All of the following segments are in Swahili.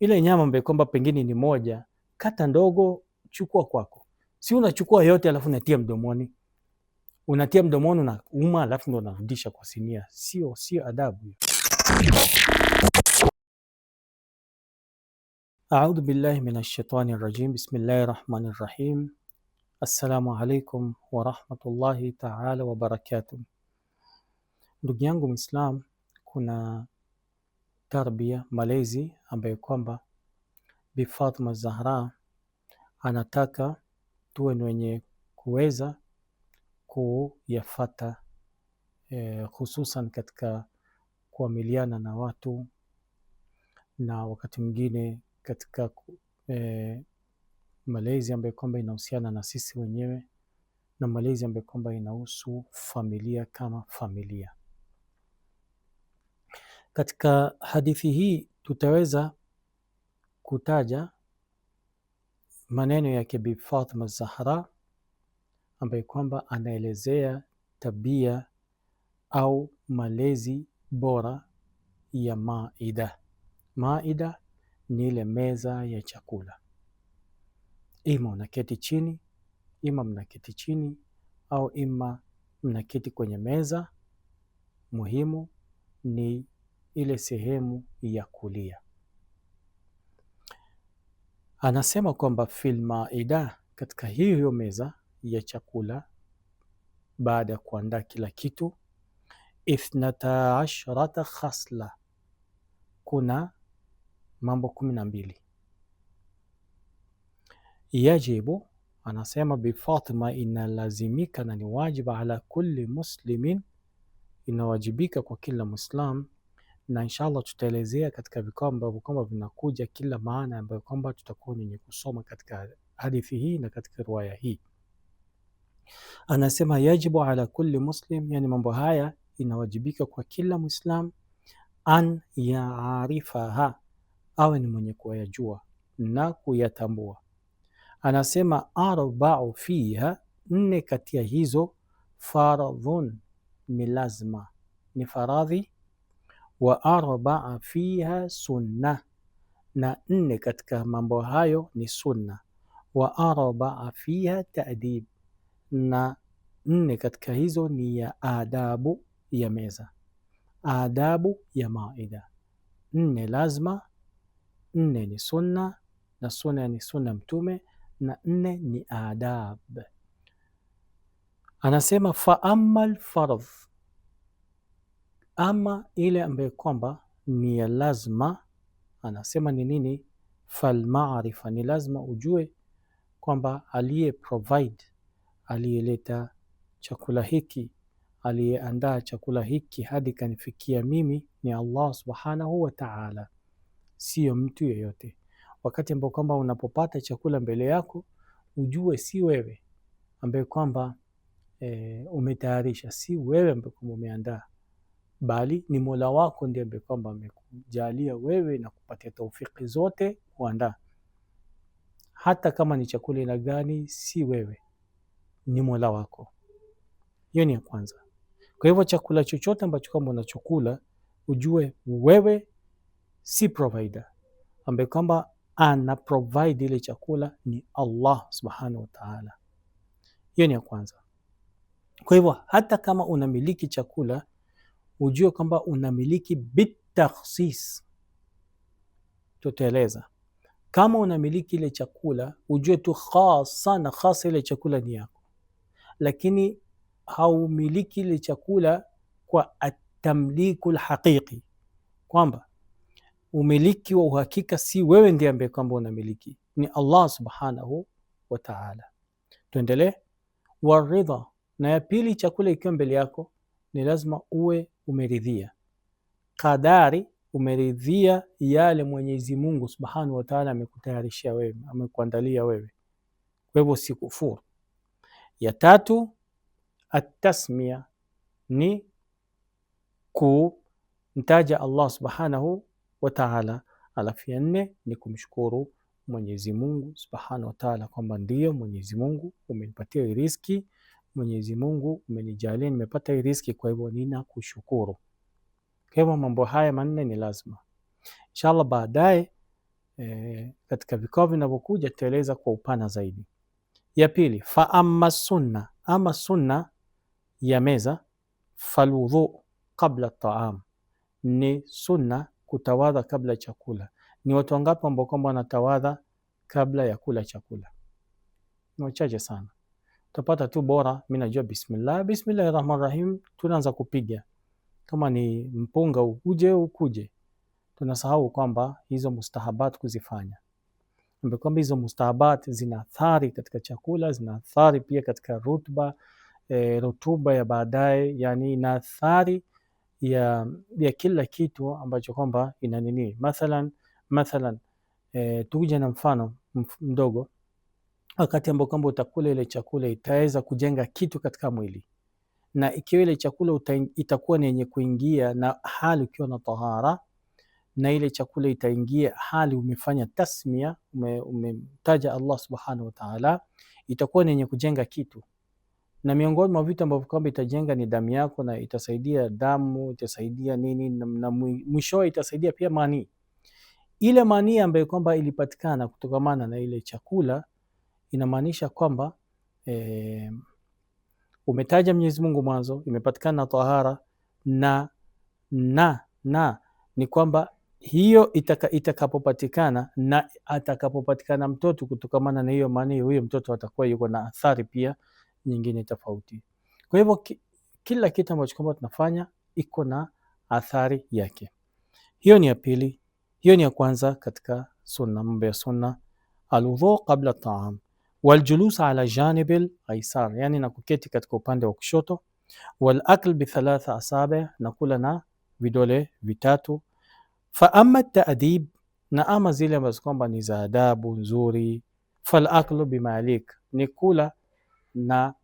ile nyama ambayo kwamba pengine ni moja, kata ndogo, chukua kwako. Si unachukua yote alafu unatia mdomoni, unatia mdomoni, uma, alafu ndo unarudisha kwa sinia. Sio, sio adabu. Audhu billahi minash shaitani rajim. Bismillahi rahmani rahim. Assalamu alaikum warahmatullahi taala wabarakatuh. Ndugu yangu Mwislamu, kuna tarbia malezi ambayo kwamba Bi Fatma Zahra anataka tuwe ni wenye kuweza kuyafata eh, hususan katika kuamiliana na watu na wakati mwingine katika eh, malezi ambayo kwamba inahusiana na sisi wenyewe na malezi ambayo kwamba inahusu familia kama familia. Katika hadithi hii tutaweza kutaja maneno yake Bi Fatima Zahra ambaye kwamba anaelezea tabia au malezi bora ya maida. Maida ni ile meza ya chakula, ima unaketi chini, ima mnaketi chini au ima mnaketi kwenye meza. Muhimu ni ile sehemu ya kulia. Anasema kwamba fil maida, katika hiyo meza ya chakula, baada ya kuandaa kila kitu, ithnata ashrata khasla, kuna mambo kumi na mbili yajibu anasema bifatma, inalazimika na ni wajiba ala kulli muslimin, inawajibika kwa kila Muislam na inshallah tutaelezea katika vikao ambavyo kwamba vinakuja kila maana ambayo kwamba tutakuwa wenye kusoma katika hadithi hii na katika riwaya hii. Anasema yajibu ala kulli muslim, yani mambo haya inawajibika kwa kila Muislam an yaarifaha, awe ni mwenye kuyajua na kuyatambua. Anasema arbau fiha, nne kati ya hizo faradhun ni lazima, ni faradhi wa arbaa fiha sunna, na nne katika mambo hayo ni sunna. Wa arbaa fiha taadib, na nne katika hizo ni ya adabu ya meza, adabu ya maida. Nne lazima, nne ni sunna na sunna ni sunna Mtume, na nne ni adab. Anasema fa amal fardh ama ile ambayo kwamba ni ya lazima. Anasema ni nini? falmarifa ni lazima ujue kwamba aliye provide, aliyeleta chakula hiki, aliyeandaa chakula hiki hadi kanifikia mimi ni Allah subhanahu wa ta'ala, siyo mtu yeyote. Wakati ambao kwamba unapopata chakula mbele yako ujue si wewe ambaye kwamba e, umetayarisha, si wewe ambaye kwamba umeandaa bali ni Mola wako ndiye ambaye kwamba amekujalia wewe na kupatia taufiki zote kuandaa, hata kama ni chakula ina gani, si wewe, ni Mola wako. Hiyo ni ya kwanza. Kwa hivyo chakula chochote ambacho kwamba unachokula ujue wewe si provider, ambaye kwamba ana provide ile chakula ni Allah subhanahu wa ta'ala. Hiyo ni ya kwanza. Kwa hivyo hata kama unamiliki chakula ujue kwamba unamiliki bitakhsis. Tutaeleza kama unamiliki ile chakula ujue tu khasa na khasa, ile chakula ni yako, lakini haumiliki ile chakula kwa atamliku lhaqiqi, kwamba umiliki wa uhakika si wewe ndiye ambaye kwamba unamiliki, ni Allah subhanahu wa ta'ala. Tuendelee. Waridha, na ya pili chakula ikiwa mbele yako ni lazima uwe umeridhia kadari, umeridhia yale Mwenyezi Mungu subhanahu wa taala amekutayarishia wewe, amekuandalia wewe. Kwa hivyo si kufuru. Ya tatu atasmia ni kumtaja Allah subhanahu wa taala, alafu ya nne ni kumshukuru Mwenyezi Mungu subhanahu wa taala kwamba ndiyo Mwenyezi Mungu umenipatia riziki Mwenyezi Mungu umenijalia, nimepata hii riziki, kwa hivyo kushukuru. Kwa hivyo mambo haya manne ni lazima. Inshallah baadaye e, katika vikao vinavyokuja tutaeleza kwa upana zaidi. Ya pili, fa amma sunna, ama sunna ya meza, falwudhu kabla taam, ni sunna kutawadha kabla chakula. Ni watu wangapi ambao kwamba wanatawadha kabla ya kula chakula? Ni wachache sana utapata tu bora. mi najua bismillah, bismillahir rahman rahim, tunaanza kupiga kama ni mpunga ukuje ukuje. Tunasahau kwamba hizo mustahabat kuzifanya, kwamba hizo mustahabat zina athari katika chakula, zina athari pia katika rutba e, rutuba ya baadaye, yani ina athari ya, ya kila kitu ambacho kwamba ina nini. Mathalan, mathalan e, eh, tukuja na mfano mdogo wakati ambao kwamba utakula ile chakula itaweza kujenga kitu katika mwili, na ikiwa ile chakula itakuwa ni yenye kuingia na hali ukiwa na tahara, na ile chakula itaingia hali umefanya tasmia, umemtaja ume Allah subhanahu wa ta'ala, itakuwa ni yenye kujenga kitu na miongoni mwa vitu ambavyo kwamba itajenga ni damu yako, na itasaidia damu, itasaidia nini, na mwishowe itasaidia pia manii. Ile manii ambayo kwamba ilipatikana kutokamana na ile chakula inamaanisha kwamba e, umetaja Mwenyezi Mungu mwanzo, imepatikana tahara na, na, na ni kwamba hiyo itaka, itakapopatikana na atakapopatikana mtoto kutokamana na hiyo maana, huyo mtoto atakuwa yuko na athari pia nyingine tofauti. Kwa hivyo ki, kila kitu ambacho kwamba tunafanya iko na athari yake. Hiyo ni ya pili, hiyo ni ya kwanza katika sunna, mambo ya sunna, alwudhu qabla taam waljulusa ala janibil aisar, yani na kuketi katika upande wa kushoto. Walakl bithalatha asabi, na kula na vidole vitatu. Fa amma taadib, na ama zile ambazo kwamba ni za adabu nzuri. Falaklu bimalik, ni kula na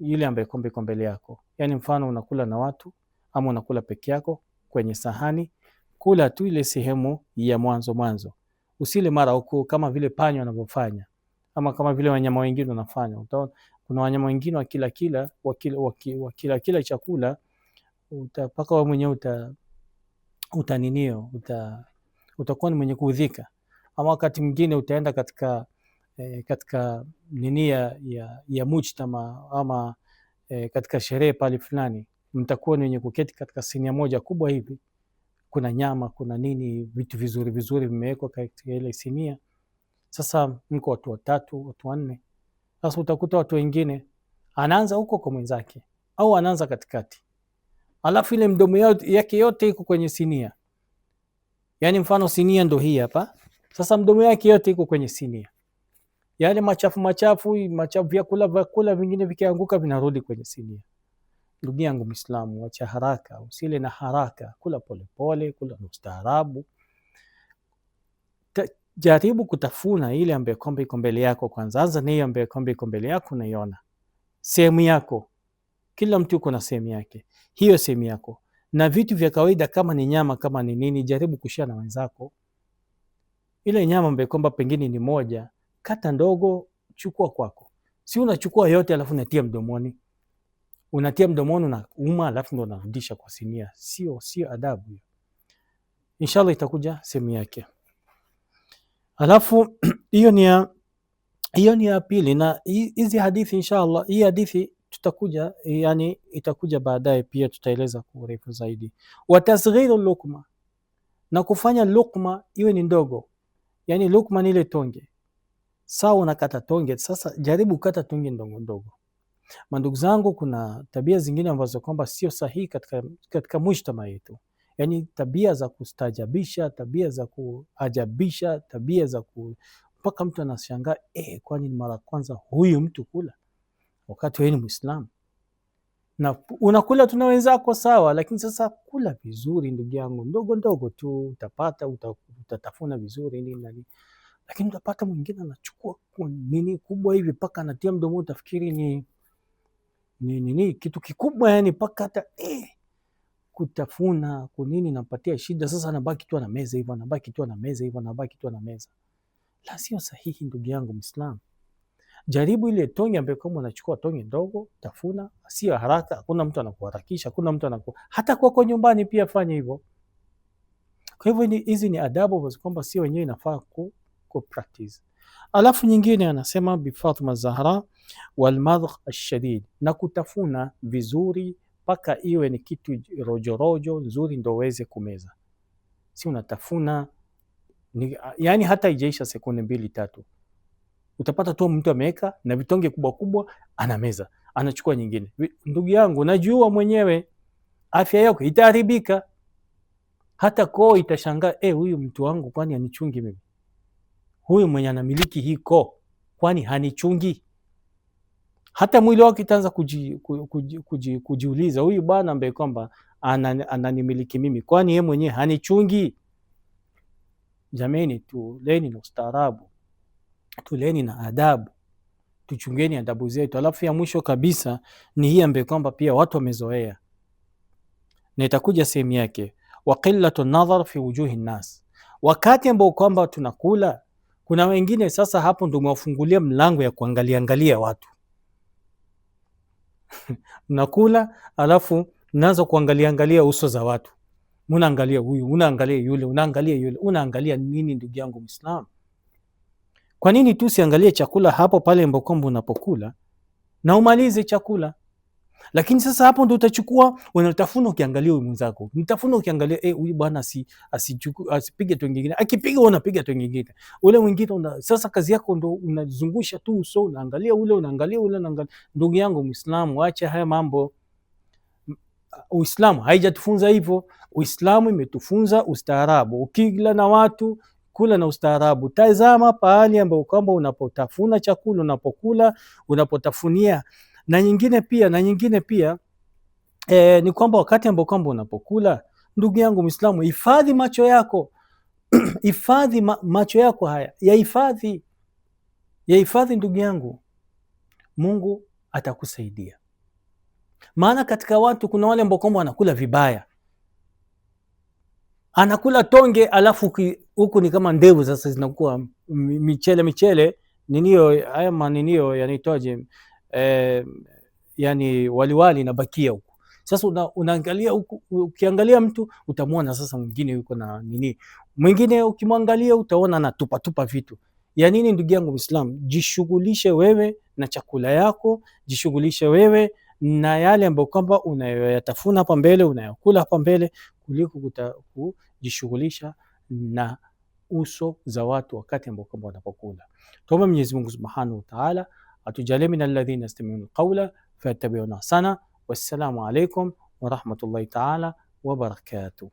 yule ambaye kombe iko mbele yako, yani mfano unakula na watu ama unakula peke yako kwenye sahani. Kula tu ile sehemu ya mwanzo mwanzo, usile mara huku kama vile panya wanavyofanya ama kama vile wanyama wengine wanafanya. Utaona kuna wanyama wengine wakila kila wakila, wakila, kila chakula mpaka wewe mwenyewe uta utaninio uta, utakuwa ni mwenye kuudhika, ama wakati mwingine utaenda katika eh, katika nini ya, ya mujtama ama eh, katika sherehe pale fulani, mtakuwa ni wenye kuketi katika sinia moja kubwa hivi, kuna nyama kuna nini, vitu vizuri vizuri vimewekwa katika ile sinia. Sasa mko watu watatu, watu wanne. Sasa utakuta watu wengine anaanza huko kwa mwenzake au anaanza katikati, alafu ile mdomo yake yote iko kwenye sinia. Yani mfano sinia ndo hii hapa. Sasa mdomo yake yote iko kwenye sinia, yale machafu machafu machafu, vyakula vyakula vingine vikianguka vinarudi kwenye sinia. Ndugu yangu Mwislamu, wacha haraka, usile na haraka, kula polepole pole, kula na ustaarabu jaribu kutafuna ile ambayo kombe iko mbele yako kwanza. Anza na hiyo ambayo kombe iko mbele yako, unaiona sehemu yako. Kila mtu uko na sehemu yake, hiyo sehemu yako. Na vitu vya kawaida kama ni nyama, kama ni nini, jaribu kushia na wenzako. Ile nyama ambayo kwamba pengine ni moja, kata ndogo, chukua kwako, si unachukua yote alafu unatia mdomoni, unatia mdomoni, na uma, alafu ndo unarudisha kwa sinia. Sio, sio adabu Inshallah itakuja sehemu yake. Alafu hiyo ni ya hiyo ni ya pili, na hizi hadithi inshallah, hii hadithi tutakuja yani, itakuja baadaye pia tutaeleza kwa urefu zaidi. Watasghiru lukma, na kufanya lukma iwe ni ndogo, yani lukma ni ile tonge. Sawa, unakata tonge. Sasa jaribu kata tonge ndogo ndogo. Mandugu zangu, kuna tabia zingine ambazo kwamba sio sahihi katika, katika mujtama yetu yani tabia za kustajabisha, tabia za kuajabisha, tabia za ku mpaka mtu anashangaa eh, kwani ni mara kwanza huyu mtu kula wakati wewe ni Muislamu na unakula tuna wenzako sawa, lakini sasa kula vizuri ndugu yangu, ndogo ndogo tu utapata, utatafuna vizuri nini nini. lakini utapata mwingine anachukua nini kubwa hivi mpaka anatia mdomo, utafikiri ni ni nini kitu kikubwa, yani mpaka hata eh, kutafuna kunini, nampatia shida sasa, anabaki tu na meza hivyo, anabaki tu na meza hivyo, anabaki tu na meza. La sio sahihi, ndugu yangu Mwislamu. Jaribu ile tonge ambayo kama unachukua tonge ndogo, tafuna, sio haraka. Hakuna mtu anakuharakisha, hakuna mtu anaku, hata kwa kwa nyumbani pia fanya hivyo. Kwa hivyo hizi ni adabu kwa kwamba sio wenyewe inafaa ku, ku practice. Alafu nyingine anasema bi Fatuma Zahra wal madh ashadid, na kutafuna vizuri mpaka iwe ni kitu rojorojo nzuri ndo uweze kumeza, si unatafuna ni, yani hata ijaisha sekunde mbili tatu utapata tu mtu ameweka na vitonge kubwa kubwa, anameza anachukua nyingine. Ndugu yangu, najua mwenyewe afya yako itaharibika, hata koo itashangaa, eh, huyu mtu wangu kwani anichungi mimi? Huyu mwenye anamiliki hii koo kwani hanichungi? hata mwili wako itaanza kuji, kuji, kuji, kuji, kujiuliza huyu bwana ambaye kwamba ananimiliki ana mimi, kwani yeye mwenyewe hanichungi? Jamani, tuleni na ustaarabu, tuleni na adabu, tuchungeni adabu zetu. Alafu ya mwisho kabisa ni hii ambaye kwamba pia watu wamezoea na itakuja sehemu yake, wa qillatu nadhar fi wujuhi nnas, wakati ambao kwamba tunakula kuna wengine sasa, hapo ndio umewafungulia mlango ya kuangalia angalia watu nakula alafu mnaanza kuangalia angalia uso za watu, unaangalia huyu, unaangalia yule, unaangalia yule, unaangalia nini? Ndugu yangu Muislamu, kwa nini tu usiangalie chakula hapo pale mbokombo unapokula na umalize chakula? Lakini sasa hapo ndo utachukua unatafuna, ukiangalia mwenzako mtafuna, ukiangalia eh, huyu bwana si asichukue asipige tu wengine, akipiga wewe unapiga tu wengine, ule mwingine una. Sasa kazi yako ndo unazungusha tu uso, unaangalia ule, unaangalia ule, unaangalia. Ndugu yangu Muislamu, acha haya mambo. Uh, Uislamu haijatufunza hivyo. Uislamu imetufunza ustaarabu, ukila na watu kula na ustaarabu. Tazama pahali ambapo kwamba unapotafuna chakula, unapokula, unapotafunia na nyingine pia na nyingine pia e, ni kwamba wakati ambao kwamba unapokula, ndugu yangu Mwislamu, hifadhi macho yako hifadhi ma macho yako haya yahifadhi, yahifadhi ndugu yangu, Mungu atakusaidia. Maana katika watu kuna wale ambao kwamba wanakula vibaya, anakula tonge alafu huku ni kama ndevu sasa zinakuwa michele michele, niniyo haya maninio yanitoaje? eh, yani waliwali inabakia huku sasa una, unaangalia huku, ukiangalia mtu utamwona sasa mwingine yuko na nini, mwingine ukimwangalia utaona tupa vitu ya nini? Ndugu yangu Muislam, jishughulishe wewe na chakula yako, jishughulishe wewe na yale ambayo kwamba unayoyatafuna hapa mbele, unayokula hapa mbele, kuliko kujishughulisha na uso za watu wakati ambao kwamba wanapokula. Tuombe Mwenyezi Mungu Subhanahu wa Ta'ala وتجعل من الذين يستمعون القول فيتبعون أحسنه والسلام عليكم ورحمة الله تعالى وبركاته